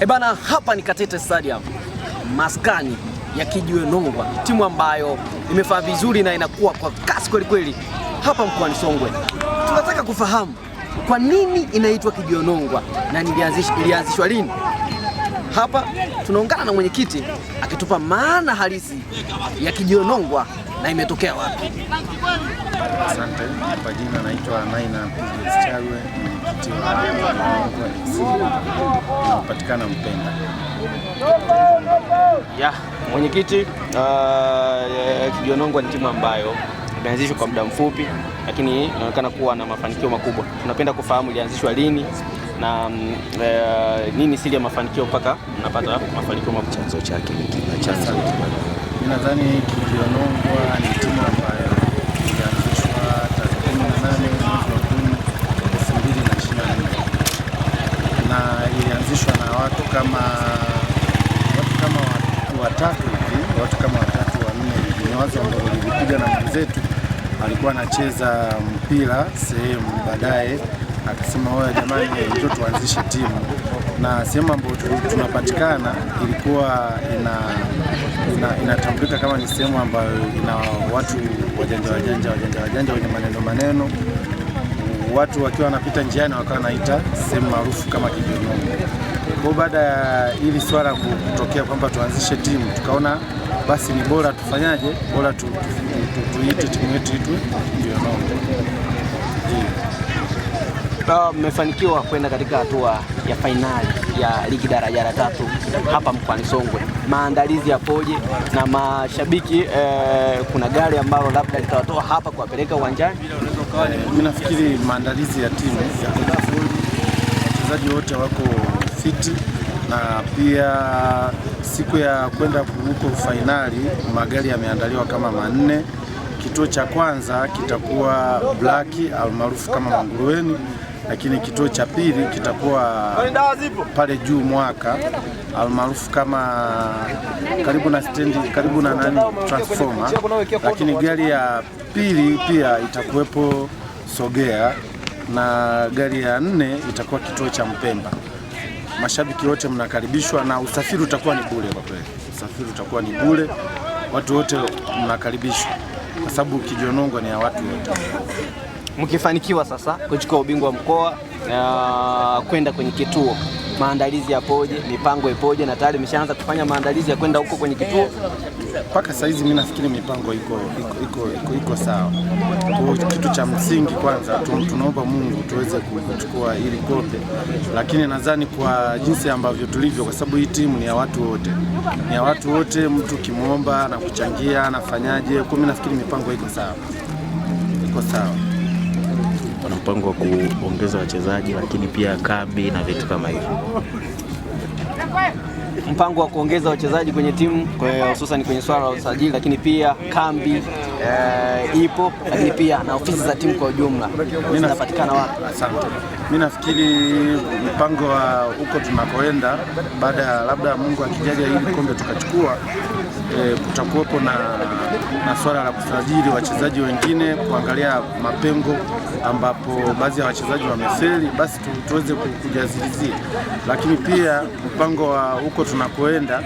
Eh bana, hapa ni Katete Stadium, maskani ya Kijiwe Nongwa, timu ambayo imefaa vizuri na inakuwa kwa kasi kweli kweli hapa mkoani Songwe. Tunataka kufahamu kwa nini inaitwa Kijiwe Nongwa na ilianzishwa lini? Hapa tunaungana na mwenyekiti akitupa maana halisi ya kijionongwa na imetokea wapi. Asante. Kwa jina naitwa Naina Charwe, mwenyekiti wa Ya mwenyekiti, uh, kijionongwa ni timu ambayo imeanzishwa kwa muda mfupi, lakini inaonekana uh, kuwa na mafanikio makubwa. Tunapenda kufahamu ilianzishwa lini na e, nini siri ya mafanikio mpaka mnapata mafanikio makubwa? Chanzo chake ni kina chanzo. Mimi nadhani Kilionongwa ni timu ambayo ilianzishwa tarehe 18 mwezi wa 10 2024 na ilianzishwa na watu kama watu kama watatu hivi watu kama watatu wanne hivi. Ni wazo ambao lilikuja na mwenzetu alikuwa anacheza mpira sehemu, baadaye akasema wewe jamani, njoo tuanzishe timu, na sehemu ambayo tunapatikana ilikuwa ina inatambulika ina kama ni sehemu ambayo ina watu wajanja wajanja wajanja wajanja wenye maneno maneno, watu wakiwa wanapita njiani wakawa naita sehemu maarufu kama kijunuu. Kwa baada ya hili swala kutokea kwamba tuanzishe timu, tukaona basi ni bora tufanyaje, bora tu, timu yetu itwe Vionongo. Uh, mmefanikiwa kwenda katika hatua ya fainali ya ligi daraja la tatu hapa mkoani Songwe. Maandalizi yapoje na mashabiki eh, kuna gari ambalo labda litawatoa hapa kuwapeleka uwanjani? Mimi nafikiri maandalizi ya timu yako vizuri, wachezaji wote wako fiti na pia siku ya kwenda huko fainali magari yameandaliwa kama manne. Kituo cha kwanza kitakuwa Blaki almaarufu kama Mangurueni lakini kituo cha pili kitakuwa pale juu mwaka almaarufu kama karibu na stendi, karibu na nani transformer, lakini gari ya pili pia itakuwepo Sogea na gari ya nne itakuwa kituo cha Mpemba. Mashabiki wote mnakaribishwa na usafiri utakuwa ni bure. Kwa kweli usafiri utakuwa ni bure, watu wote mnakaribishwa kwa sababu Kijonongwa ni ya watu wote mkifanikiwa sasa kuchukua ubingwa mkoa kwenda kwenye kituo, maandalizi yapoje? Mipango ipoje? na tayari imeshaanza kufanya maandalizi ya kwenda huko kwenye kituo. Mpaka saa hizi mimi nafikiri mipango iko, iko, iko, iko, iko sawa. Kitu cha msingi kwanza tunaomba Mungu tuweze kuchukua hili kombe, lakini nadhani kwa jinsi ambavyo tulivyo, kwa sababu hii timu ni ya watu wote, ni ya watu wote, mtu kimwomba na kuchangia anafanyaje. Kwa mimi nafikiri mipango iko sawa, iko sawa mpango wa kuongeza wachezaji, lakini pia kambi na vitu kama hivyo? Mpango wa kuongeza wachezaji kwenye timu hususan kwenye swala la usajili, lakini pia kambi eh, ipo, lakini pia na ofisi za timu kwa ujumla zinapatikana wapi? Asante. Mimi nafikiri mpango wa huko tunakoenda, baada ya labda Mungu akijalia hili kombe tukachukua e, kutakuwepo na, na swala la kusajili wachezaji wengine, kuangalia mapengo ambapo baadhi ya wachezaji wameseli basi tu, tuweze kujazilizia. Lakini pia mpango wa huko tunakoenda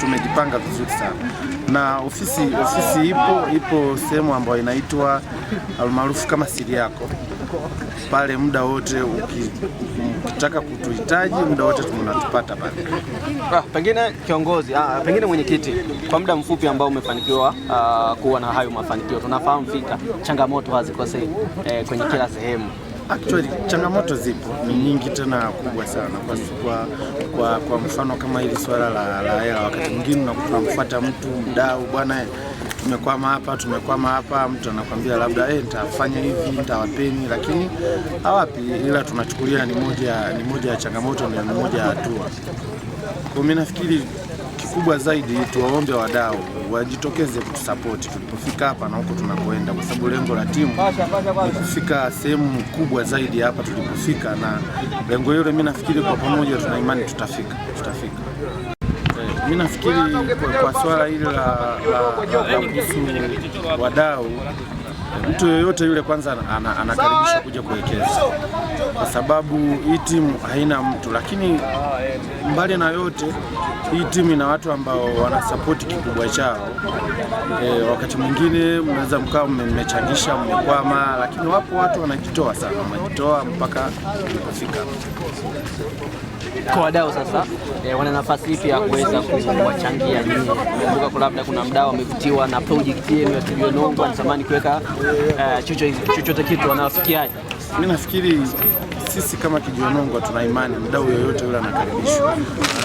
tumejipanga vizuri sana na ofisi, ofisi ipo ipo sehemu ambayo inaitwa almaarufu kama Siri Yako. pale muda wote, ukitaka kutuhitaji muda wote tunatupata pale. Ah, pengine kiongozi ah, pengine mwenyekiti, kwa muda mfupi ambao umefanikiwa ah, kuwa na hayo mafanikio, tunafahamu fika changamoto hazikosei eh, kwenye kila sehemu Actually changamoto zipo ni nyingi tena kubwa sana kwa, kwa, kwa mfano kama hili swala la hela, wakati mwingine unamfuata mtu mdau, bwana eh, tumekwama hapa, tumekwama hapa, mtu anakwambia labda eh, nitafanya hivi nitawapeni, lakini hawapi, ila tunachukulia ni moja ni moja ya changamoto na ni moja ya hatua. Kwa mimi nafikiri kubwa zaidi tuwaombe wadau wajitokeze kutusapoti tulipofika hapa na huko tunakoenda, kwa sababu lengo la timu ni kufika sehemu kubwa zaidi hapa tulipofika, na lengo hilo mimi nafikiri kwa pamoja tuna imani tutafika, tutafika. Eh, mimi nafikiri kwa, kwa swala hili la kuhusu wadau mtu yoyote yule kwanza anakaribishwa kuja kuwekeza, kwa sababu hii timu haina mtu. Lakini mbali na yote, hii timu ina watu ambao wanasapoti kikubwa chao. E, wakati mwingine mnaweza mkawa mmechangisha, mmekwama, lakini wapo watu wanajitoa sana, wanajitoa mpaka kufika kwa wadau sasa e, wana nafasi ipi ya kuweza kuwachangia nyinyi? Kumbuka labda kuna mdau amevutiwa na project yenu ya Studio Nongo anatamani kuweka uh, chochote kitu, anawafikiaje? Mimi nafikiri sisi kama Kijiwe Nongwa tuna imani mdau yoyote yule anakaribishwa,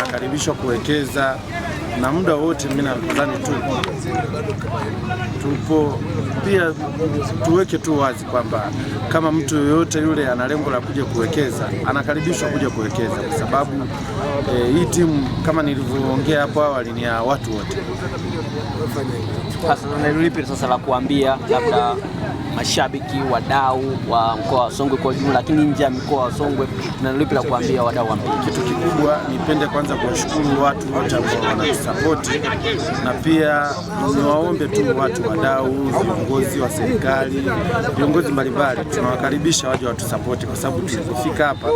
anakaribishwa kuwekeza na muda wote. Mimi nadhani tu tupo pia, tuweke tu wazi kwamba kama mtu yoyote yule ana lengo la kuja kuwekeza anakaribishwa kuja kuwekeza, kwa sababu e, hii timu kama nilivyoongea hapo awali ni ya watu wote. Sasa neno lipi sasa la kuambia labda mashabiki, wadau wa mkoa wa Songwe kwa ujumla, lakini nje ya mkoa wa Songwe, na lipi la kuambia wadau wa mpira? Kitu kikubwa, nipende kwanza kuwashukuru watu wote ambao wanatusapoti, na pia niwaombe tu watu, wadau, viongozi wa serikali, viongozi mbalimbali, tunawakaribisha waje watusapoti, kwa sababu tulipofika hapa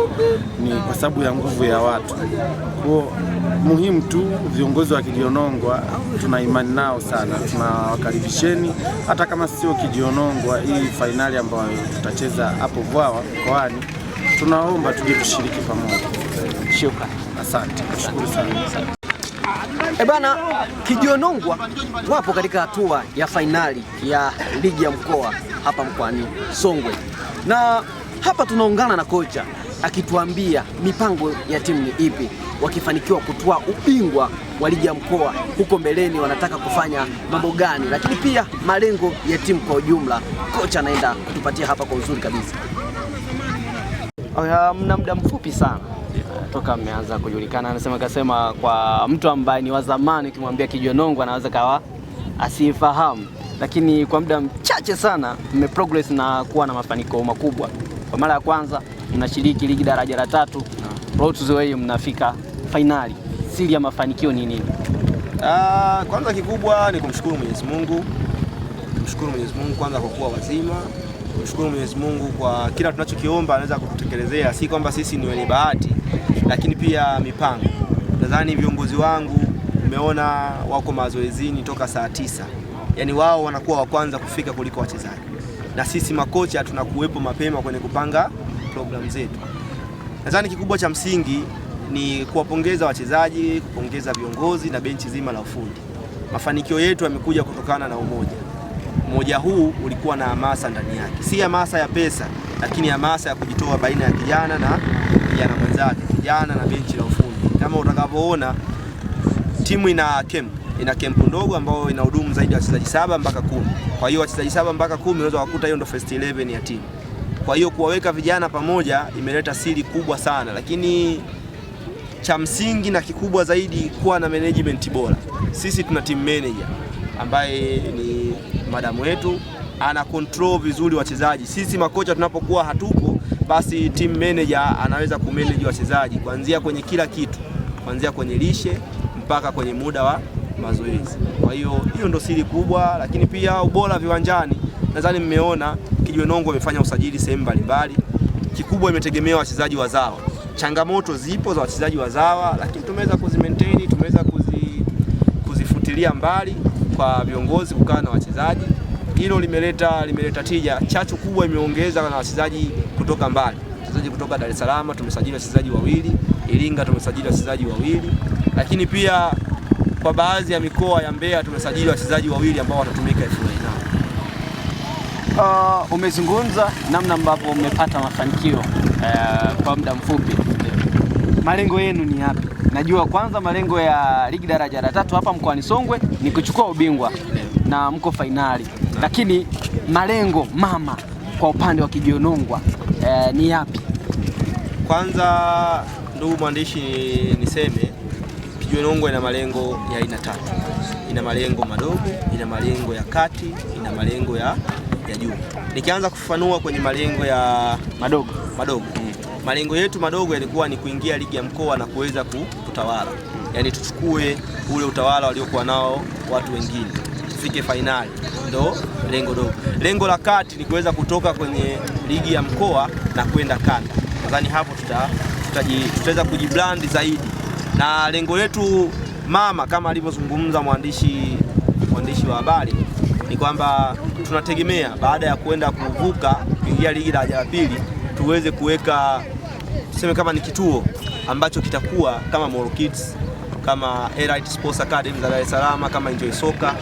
ni kwa sababu ya nguvu ya watu kwa muhimu tu viongozi wa Kijionongwa tuna imani nao sana, tunawakaribisheni hata kama sio Kijionongwa. Hii fainali ambayo tutacheza hapo Vwawa mkoani, tunaomba tuje tushiriki pamoja. Shukrani, asante, nashukuru sana. E bana, Kijionongwa wapo katika hatua ya fainali ya ligi ya mkoa hapa mkoani Songwe, na hapa tunaungana na kocha akituambia mipango ya timu ni ipi wakifanikiwa kutoa ubingwa wa ligi ya mkoa huko mbeleni wanataka kufanya mambo gani, lakini pia malengo ya timu kwa ujumla. Kocha anaenda kutupatia hapa kwa uzuri kabisa. Mna muda mfupi sana toka mmeanza kujulikana, anasema kasema, kwa mtu ambaye ni wa zamani ukimwambia Kijonongo anaweza kawa asifahamu, lakini kwa muda mchache sana mmeprogress na kuwa na mafanikio makubwa. Kwa mara ya kwanza mnashiriki ligi daraja la tatu Road mnafika fainali, siri ya mafanikio ni nini? Uh, kwanza kikubwa ni kumshukuru Mwenyezi Mungu, kumshukuru Mwenyezi Mungu kwanza kwa kuwa wazima, kumshukuru Mwenyezi Mungu kwa kila tunachokiomba anaweza kututekelezea, si kwamba sisi ni wenye bahati, lakini pia mipango. Nadhani viongozi wangu umeona wako mazoezini toka saa tisa, yaani wao wanakuwa wa kwanza kufika kuliko wachezaji, na sisi makocha tunakuwepo mapema kwenye kupanga programu zetu. Nadhani kikubwa cha msingi ni kuwapongeza wachezaji, kupongeza viongozi na benchi zima la ufundi. Mafanikio yetu yamekuja kutokana na umoja. Umoja huu ulikuwa na hamasa ndani yake, si hamasa ya pesa, lakini hamasa ya kujitoa baina ya kijana na kijana mwenzake, kijana na benchi la ufundi. Kama utakavyoona timu ina camp ina kempu ndogo ambayo ina hudumu zaidi ya wachezaji saba mpaka kumi. Kwa hiyo wachezaji saba mpaka kumi unaweza kukuta hiyo ndio first 11 ya timu. Kwa hiyo kuwaweka vijana pamoja imeleta siri kubwa sana, lakini cha msingi na kikubwa zaidi kuwa na management bora. Sisi tuna team manager ambaye ni madamu wetu, ana control vizuri wachezaji. Sisi makocha tunapokuwa hatupo, basi team manager anaweza kumanage wachezaji kuanzia kwenye kila kitu, kuanzia kwenye lishe mpaka kwenye muda wa mazoezi. Kwa hiyo hiyo ndo siri kubwa, lakini pia ubora viwanjani, nadhani mmeona Kijiwe Nongo imefanya usajili sehemu mbalimbali, kikubwa imetegemea wachezaji wazawa. Changamoto zipo za wachezaji wazawa, lakini tumeweza kuzi maintain, tumeweza kuzi kuzifutilia mbali kwa viongozi kukaa na wachezaji. Hilo limeleta limeleta tija. Chachu kubwa imeongeza na wachezaji kutoka mbali, wachezaji kutoka Dar es Salaam tumesajili wachezaji wawili, Iringa tumesajili wachezaji wawili, lakini pia kwa baadhi ya mikoa ya Mbeya tumesajili wachezaji wawili ambao watatumika FA. Uh, umezungumza namna ambavyo umepata mafanikio uh, kwa muda mfupi. Malengo yenu ni yapi? Najua kwanza malengo ya ligi daraja la tatu hapa mkoani Songwe ni kuchukua ubingwa na mko fainali, lakini malengo mama kwa upande wa Kijionongwa uh, ni yapi? Kwanza ndugu mwandishi, niseme Kijionongwa ina malengo ya aina tatu. Ina malengo madogo, ina malengo ya kati, ina malengo ya ya juu. Nikianza kufafanua kwenye malengo ya madogo madogo, mm. malengo yetu madogo yalikuwa ni kuingia ligi ya mkoa na kuweza kutawala, yaani tuchukue ule utawala waliokuwa nao watu wengine, tufike fainali, ndo lengo dogo. Lengo la kati ni kuweza kutoka kwenye ligi ya mkoa na kwenda kanda. Nadhani hapo tuta, tutaweza kujibrand zaidi, na lengo letu mama kama alivyozungumza mwandishi mwandishi wa habari ni kwamba tunategemea baada ya kuenda kuvuka kuingia ligi daraja la pili tuweze kuweka tuseme kama ni kituo ambacho kitakuwa kama Moro Kids kama Elite Sports Academy za Dar es Salaam kama Enjoy Soka,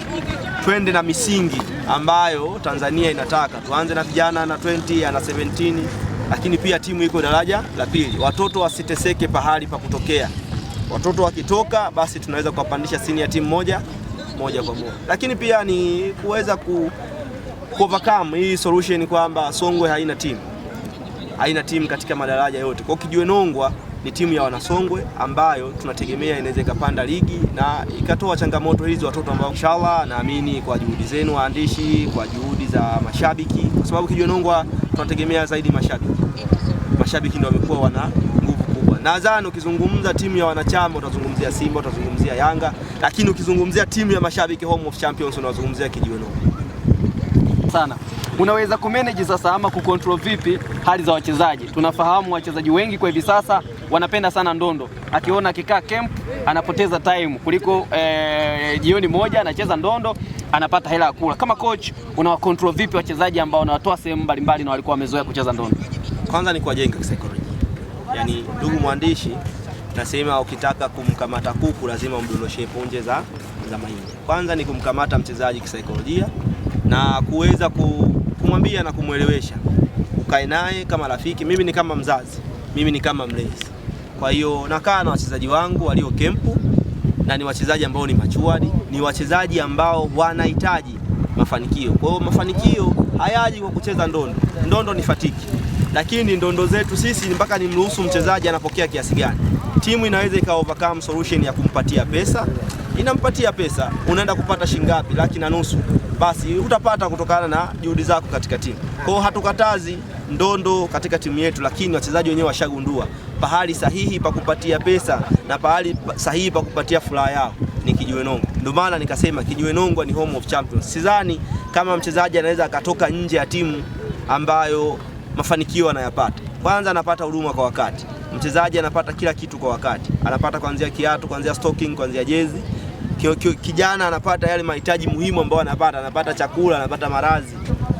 twende na misingi ambayo Tanzania inataka. Tuanze na vijana na 20 na 17, lakini pia timu iko daraja la pili, watoto wasiteseke pahali pa kutokea. Watoto wakitoka, basi tunaweza kuwapandisha senior timu moja moja kwa moja, lakini pia ni kuweza ku overcome hii solution kwamba Songwe haina timu, haina timu katika madaraja yote. Kwa Kijiwe Nongwa ni timu ya wanasongwe ambayo tunategemea inaweza ikapanda ligi na ikatoa changamoto hizi watoto ambao inshallah, naamini kwa juhudi zenu waandishi, kwa juhudi za mashabiki, kwa sababu Kijiwe Nongwa tunategemea zaidi mashabiki. Mashabiki ndio wamekuwa wana nadhani ukizungumza timu ya wanachama utazungumzia Simba, utazungumzia Yanga, lakini ukizungumzia timu ya mashabiki Home of Champions unazungumzia kijiweno sana. Unaweza kumanage sasa ama kucontrol vipi hali za wachezaji? Tunafahamu wachezaji wengi kwa hivi sasa wanapenda sana ndondo, akiona akikaa camp anapoteza time kuliko eh, jioni moja anacheza ndondo anapata hela ya kula. Kama coach, unawacontrol vipi wachezaji ambao unawatoa sehemu mbalimbali na walikuwa wamezoea kucheza ndondo? Kwanza ni kuwajenga kisaikolojia yani ndugu mwandishi, nasema ukitaka kumkamata kuku lazima umdondoshe punje za, za mahindi. Kwanza ni kumkamata mchezaji kisaikolojia na kuweza kumwambia na kumwelewesha, ukae naye kama rafiki. Mimi ni kama mzazi, mimi ni kama mlezi. Kwa hiyo nakaa na wachezaji wangu walio kempu, na ni wachezaji ambao ni machuadi, ni wachezaji ambao wanahitaji mafanikio. Kwa hiyo mafanikio hayaji kwa kucheza ndondo. Ndondo ni fatiki lakini ndondo zetu sisi mpaka ni mruhusu mchezaji anapokea kiasi gani. Timu inaweza ikawa overcome solution ya kumpatia pesa, inampatia pesa, unaenda kupata shingapi? Laki na nusu, basi utapata kutokana na juhudi zako katika timu. Kwa hiyo hatukatazi ndondo katika timu yetu, lakini wachezaji wenyewe washagundua pahali sahihi pa kupatia pesa na pahali sahihi pa kupatia furaha yao ni kijiwe Nongwa. Ndio maana nikasema kijiwe Nongwa ni home of champions. Sidhani kama mchezaji anaweza akatoka nje ya timu ambayo mafanikio anayapata. Kwanza anapata huduma kwa wakati, mchezaji anapata kila kitu kwa wakati, anapata kuanzia kiatu, kuanzia stocking, kuanzia jezi. Kijana anapata yale mahitaji muhimu ambayo anapata, anapata chakula, anapata marazi.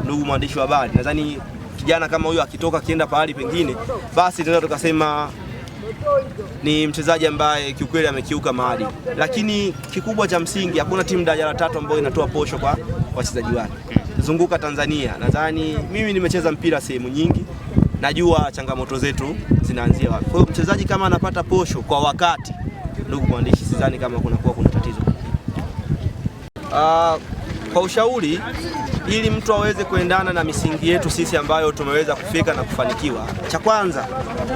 Ndugu mwandishi wa habari, nadhani kijana kama huyo akitoka akienda pahali pengine, basi tunaweza tukasema ni mchezaji ambaye kiukweli amekiuka mahali, lakini kikubwa cha msingi, hakuna timu daraja la tatu ambayo inatoa posho kwa wachezaji wake zunguka Tanzania. Nadhani mimi nimecheza mpira sehemu nyingi, najua changamoto zetu zinaanzia wapi. Kwa hiyo mchezaji kama anapata posho kwa wakati, ndugu mwandishi, sidhani kama kunakuwa kuna tatizo. Uh, kwa ushauri ili mtu aweze kuendana na misingi yetu sisi ambayo tumeweza kufika na kufanikiwa, cha kwanza,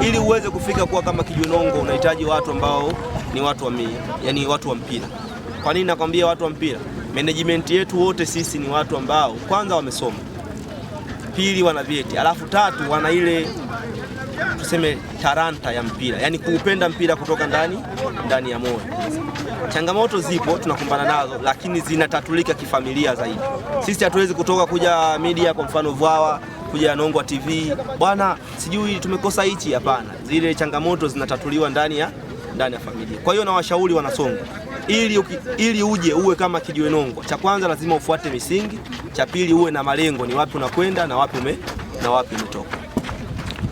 ili uweze kufika kuwa kama kijunongo, unahitaji watu ambao ni watu wa mi, yani watu wa mpira. Kwa nini nakwambia watu wa mpira? Management yetu wote sisi ni watu ambao kwanza wamesoma, pili wana vyeti, alafu tatu wana ile tuseme taranta ya mpira, yaani kuupenda mpira kutoka ndani ndani ya moyo. Changamoto zipo tunakumbana nazo, lakini zinatatulika kifamilia zaidi. Sisi hatuwezi kutoka kuja media, kwa mfano Vwawa kuja Nongwa TV, bwana sijui tumekosa hichi. Hapana, zile changamoto zinatatuliwa ndani ya ndani ya familia. Kwa hiyo na washauri wanasonga ili, ili uje uwe kama kijiwe nongwa, cha kwanza lazima ufuate misingi, cha pili uwe na malengo, ni wapi unakwenda na wapi ume, na wapi umetoka.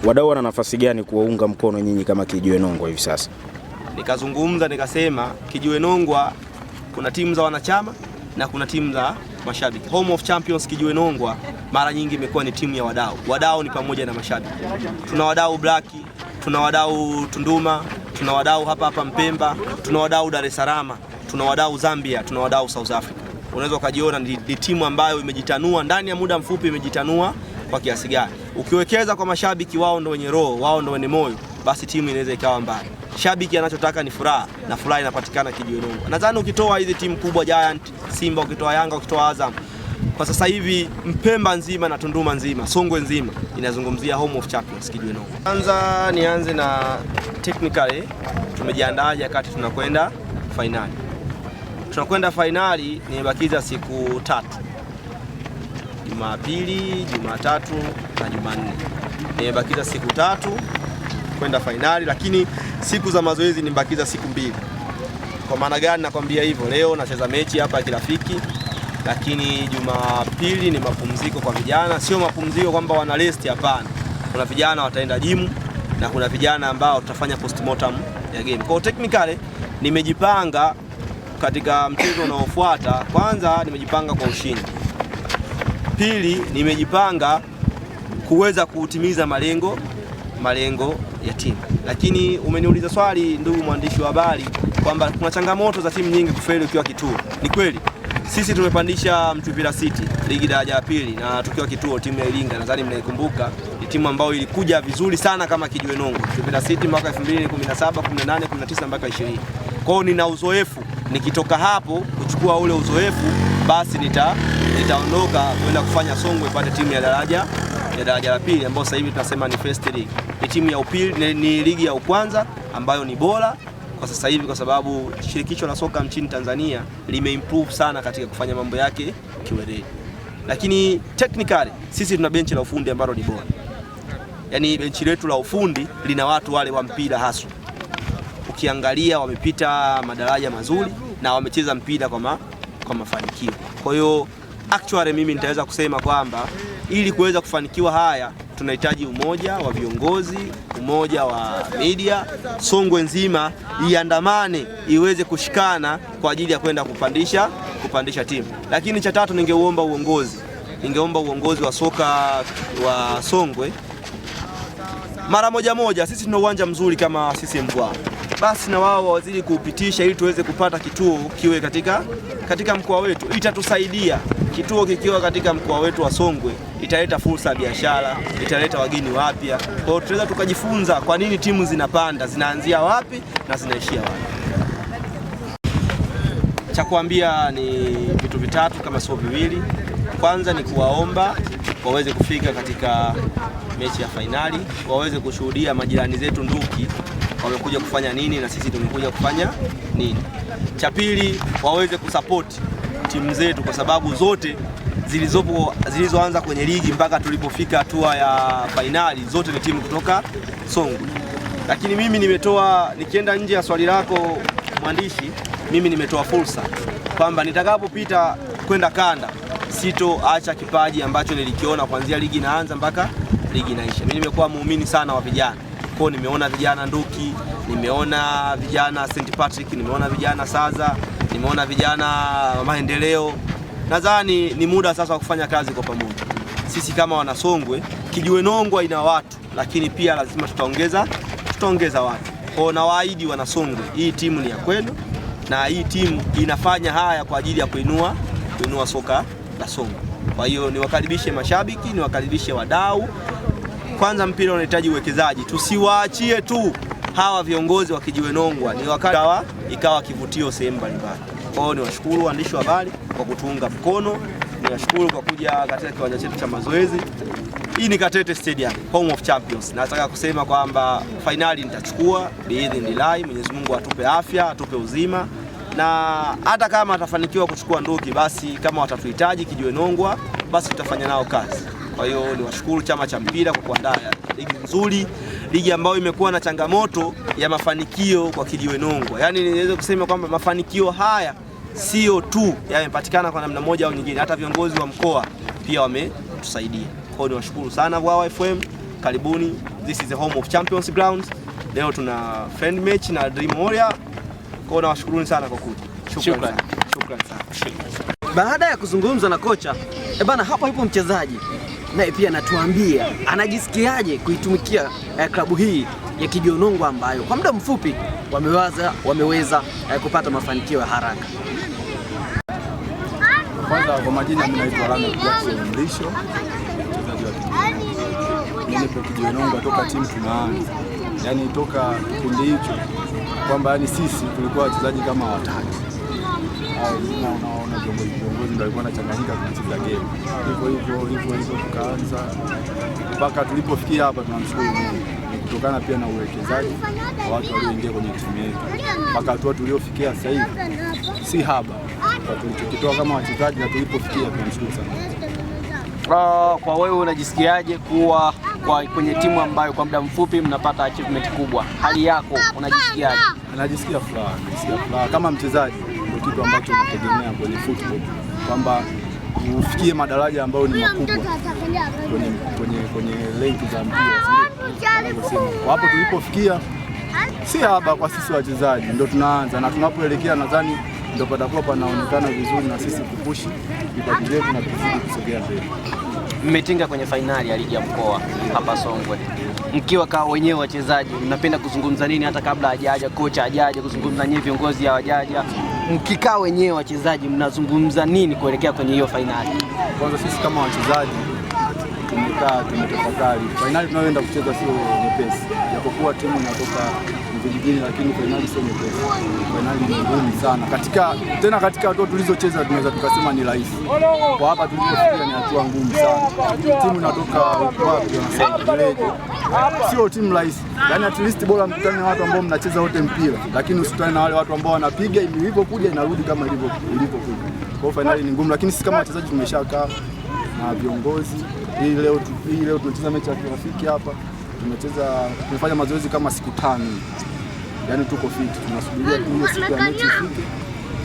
Wadau wana nafasi gani kuwaunga mkono nyinyi kama kijiwe nongwa hivi sasa? Nikazungumza nikasema kijiwe nongwa kuna timu za wanachama na kuna timu za mashabiki. Home of Champions kijiwe nongwa mara nyingi imekuwa ni timu ya wadau. Wadau ni pamoja na mashabiki, tuna wadau Black, tuna wadau Tunduma tuna wadau hapa hapa Mpemba, tuna wadau Dar es Salaam, tuna wadau Zambia, tuna wadau South Africa. Unaweza ukajiona ni, ni timu ambayo imejitanua ndani ya muda mfupi, imejitanua kwa kiasi gani. Ukiwekeza kwa mashabiki, wao ndo wenye roho, wao ndo wenye moyo, basi timu inaweza ikawa mbali. Shabiki anachotaka ni furaha na furaha inapatikana kijiolongo. Nadhani ukitoa hizi timu kubwa Giant, Simba, ukitoa Yanga, ukitoa Azam kwa sasa hivi Mpemba nzima na Tunduma nzima, Songwe nzima inazungumzia Home of Champions no. Kwanza nianze na technically eh? tumejiandaa wakati tunakwenda fainali. Tunakwenda fainali, nimebakiza siku tatu, Jumapili, Jumatatu na Jumanne. Nimebakiza siku tatu kwenda fainali, lakini siku za mazoezi nimebakiza siku mbili. Kwa maana gani nakwambia hivyo? Leo nacheza mechi hapa ya kirafiki lakini Jumapili ni mapumziko kwa vijana, sio mapumziko kwamba wana rest, hapana. Kuna vijana wataenda jimu na kuna vijana ambao tutafanya postmortem ya game. Kwa technically nimejipanga katika mchezo unaofuata. Kwanza nimejipanga kwa ushindi, pili nimejipanga kuweza kutimiza malengo malengo ya timu. Lakini umeniuliza swali, ndugu mwandishi wa habari, kwamba kuna changamoto za timu nyingi kufeli ukiwa kituo. Ni kweli. Sisi tumepandisha mchupira City ligi daraja la pili, na tukiwa kituo timu ya Iringa, nadhani mnaikumbuka, ni timu ambayo ilikuja vizuri sana kama kijiwe nongo. Mtupira City mwaka 2017, 18, 19 mpaka 20. Kwao nina uzoefu, nikitoka hapo kuchukua ule uzoefu, basi nitaondoka kwenda kufanya Songwe pate timu ya daraja ya daraja la pili ambayo sasa hivi tunasema ni first league. Ni timu ya upili, ni ligi ya kwanza ambayo ni bora kwa sasa hivi, kwa sababu shirikisho la soka nchini Tanzania limeimprove sana katika kufanya mambo yake kiweredi, lakini technically sisi tuna benchi la ufundi ambalo ni bora. Yaani benchi letu la ufundi lina watu wale wa mpira hasa. ukiangalia wamepita madaraja mazuri na wamecheza mpira kwa, ma, kwa mafanikio. Kwa hiyo actually mimi nitaweza kusema kwamba ili kuweza kufanikiwa haya tunahitaji umoja wa viongozi umoja wa media Songwe nzima iandamane iweze kushikana kwa ajili ya kwenda kupandisha kupandisha timu. Lakini cha tatu, ningeuomba uongozi ningeomba uongozi wa soka wa Songwe mara moja moja, sisi tuna uwanja mzuri kama sisi Mbwa, basi na wao wazidi kuupitisha ili tuweze kupata kituo kiwe katika, katika mkoa wetu, itatusaidia. Kituo kikiwa katika mkoa wetu wa Songwe italeta fursa ya biashara, italeta wageni wapya. Kwa hiyo tunaweza tukajifunza kwa nini timu zinapanda, zinaanzia wapi na zinaishia wapi. Cha kuambia ni vitu vitatu kama sio viwili. Kwanza ni kuwaomba waweze kufika katika mechi ya fainali, waweze kushuhudia majirani zetu Nduki wamekuja kufanya nini na sisi tumekuja kufanya nini. Cha pili waweze kusapoti timu zetu kwa sababu zote zilizopo zilizoanza kwenye ligi mpaka tulipofika hatua ya fainali zote ni timu kutoka Songwe. Lakini mimi nimetoa, nikienda nje ya swali lako mwandishi, mimi nimetoa fursa kwamba nitakapopita kwenda kanda sitoacha kipaji ambacho nilikiona kuanzia ligi inaanza mpaka ligi inaisha. Mimi nimekuwa muumini sana wa vijana kwao, nimeona vijana Nduki, nimeona vijana St Patrick, nimeona vijana Saza nimeona vijana wa maendeleo. Nadhani ni muda sasa wa kufanya kazi kwa pamoja. Sisi kama Wanasongwe, Kijiwe Nongwa ina watu, lakini pia lazima tutaongeza tutaongeza watu kwao. Nawaahidi Wanasongwe, hii timu ni ya kwenu na hii timu inafanya haya kwa ajili ya kuinua kuinua soka la Songwe. Kwa hiyo niwakaribishe mashabiki, niwakaribishe wadau. Kwanza mpira unahitaji uwekezaji, tusiwaachie tu hawa viongozi wakijiwenongwa ni wakati wa ikawa kivutio sehemu mbalimbali. Kwa hiyo niwashukuru waandishi wa habari kwa kutuunga mkono, niwashukuru kwa kuja katika kiwanja chetu cha mazoezi. Hii ni Katete Stadium, home of champions. Nataka kusema kwamba fainali nitachukua biidhinillahi. Mwenyezi Mungu atupe afya, atupe uzima na hata kama atafanikiwa kuchukua nduki, basi kama watatuhitaji kijiwenongwa, basi tutafanya nao kazi. Kwa hiyo niwashukuru chama cha mpira kwa kuandaa ligi nzuri ligi ambayo imekuwa na changamoto ya mafanikio kwa Kijiwe Nongwa. Yaani niweze kusema kwamba mafanikio haya sio tu yamepatikana kwa namna moja au nyingine, hata viongozi wa mkoa pia wametusaidia. Kwa hiyo niwashukuru sana Wawa FM, karibuni. This is the home of Champions Grounds. Leo tuna friend match na Dream Warrior. Kwa hiyo nawashukuruni sana kwa kuja. Shukrani. Shukrani sana. Baada ya kuzungumza na kocha, eh bana, hapo ipo mchezaji naye pia anatuambia anajisikiaje kuitumikia eh, klabu hii ya Kijonongo ambayo kwa muda mfupi wamewaza, wameweza eh, kupata mafanikio ya haraka. Kwanza kwa majina, mimi naitwa Lameck Jackson Mlisho, mchezaji wa Kijonongo. Nipo toka timu tunaanza, yani toka kipindi hicho kwamba yani sisi tulikuwa wachezaji kama watatu unaona viongozi viongozi ndio kucheza game hivyo hivyo hivyo hivyo, tukaanza mpaka tulipofikia hapa. Tunamshukuru Mungu ni kutokana pia na uwekezaji wa watu walioingia kwenye timu yetu mpaka hatua tuliofikia sasa hivi, si haba tulichokitoa kama wachezaji na tulipofikia, tunamshukuru sana. Uh, kwa wewe unajisikiaje kuwa kwa kwenye timu ambayo kwa muda mfupi mnapata achievement kubwa, hali yako unajisikiaje? Najisikia furaha, najisikia furaha kama mchezaji kitu ambacho nategemea kwenye football kwamba ufikie madaraja ambayo ni makubwa kwenye, kwenye, kwenye lenki za mpira. Ah, hapo tulipofikia si haba kwa sisi wachezaji, ndio tunaanza na tunapoelekea, nadhani ndio patakuwa panaonekana vizuri na sisi kupushi vipaji vyetu na kusogea mbele. Mmetinga kwenye fainali ya ligi ya mkoa hapa Songwe, mkiwa kama wenyewe wachezaji, mnapenda kuzungumza nini hata kabla hajaja kocha, hajaja kuzungumza nyewe, viongozi hawajaja? mkikaa wenyewe wachezaji mnazungumza nini kuelekea kwenye hiyo fainali? Kwanza sisi kama wachezaji tumekaa tumetafakari, fainali tunayoenda kucheza sio nyepesi, japokuwa timu inatoka vijijini, lakini fainali sio nyepesi. Fainali ni ngumu sana katika, tena katika hatua tulizocheza tunaweza tukasema ni rahisi, kwa hapa tulipofikia ni hatua ngumu sana. Timu inatoka wapi? Sio timu rahisi, yaani at least bora mkutane na watu ambao mnacheza wote mpira, lakini usikutane na wale watu ambao wanapiga ilivyokuja inarudi kama ilivyokuja. Kwa fainali ni ngumu, lakini sisi kama wachezaji tumeshakaa na viongozi. Hii leo hii leo tunacheza mechi ya kirafiki hapa, tumecheza tumefanya mazoezi kama siku tano yani tuko fiti, tunasubiria tu siku ya mechi ifike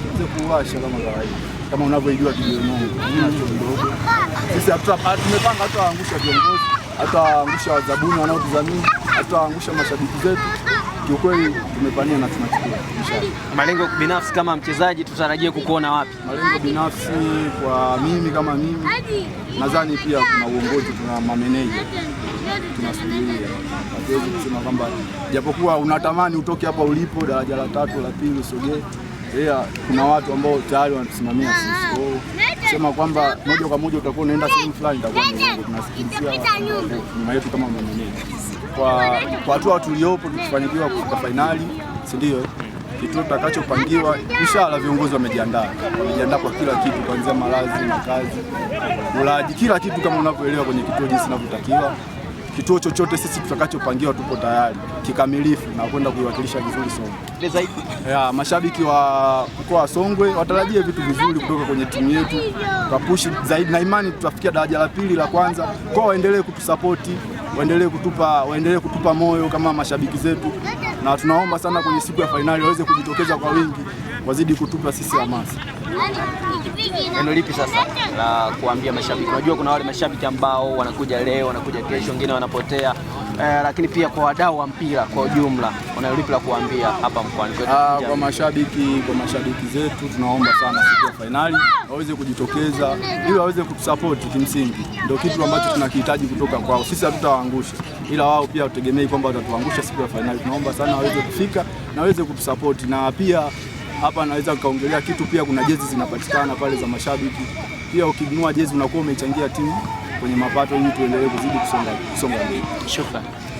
tuanze kuwasha kama kawaida, kama unavyojua kijionongo nacho ndogo. Sisi tumepanga hatawaangusha viongozi, hatawaangusha wazabuni wanaotuzamini, hatawaangusha mashabiki zetu. Kiukweli tumepania na tunachukua. Malengo binafsi kama mchezaji, tutarajie kukuona wapi? Malengo binafsi kwa mimi, kama mimi nadhani pia kuna uongozi, kuna mameneja tunasubiria. Hatuwezi kusema kwamba japokuwa unatamani utoke hapa ulipo, daraja la tatu la pili usogee, ila kuna watu ambao tayari wanatusimamia sisi. Kwa hiyo kusema kwamba moja kwa moja utakuwa unaenda sehemu fulani, itakuwa nyuma yetu kama mwenyeji. Kwa hatua tuliopo, tukifanikiwa kufika fainali, si ndio? Kituo tutakachopangiwa inshallah, viongozi wamejiandaa, wamejiandaa kwa kila kitu, kuanzia malazi, makazi, ulaji, kila kitu kama unavyoelewa kwenye kituo jinsi inavyotakiwa. Kituo chochote sisi tutakachopangiwa tupo tayari kikamilifu na kwenda kuiwakilisha vizuri Songwe. Yeah, mashabiki wa mkoa wa Songwe watarajie vitu vizuri kutoka kwenye timu yetu, tutapushi zaidi na imani tutafikia daraja la pili la kwanza. Kwa waendelee kutusapoti, waendelee kutupa, waendelee kutupa moyo kama mashabiki zetu, na tunaomba sana kwenye siku ya fainali waweze kujitokeza kwa wingi, wazidi kutupa sisi hamasa neno lipi sasa la kuambia mashabiki? Unajua kuna wale mashabiki ambao wanakuja leo, wanakuja kesho, wengine wanapotea eh, lakini pia kwa wadau wa mpira kwa ujumla, una lipi la kuambia hapa mkoani kwetu? Ah, kwa mashabiki, kwa mashabiki zetu tunaomba sana siku ya fainali waweze kujitokeza ili waweze kutusapoti. Kimsingi ndio kitu ambacho tunakihitaji kutoka kwao. Sisi hatutawaangusha, ila wao pia hatutegemei kwamba watatuangusha siku ya fainali. Tunaomba sana waweze kufika na waweze kutusapoti na pia hapa naweza kaongelea kitu pia. Kuna jezi zinapatikana pale za mashabiki pia, ukinunua jezi unakuwa umechangia timu kwenye mapato, ili tuendelee kuzidi kusonga mbele. Shukrani.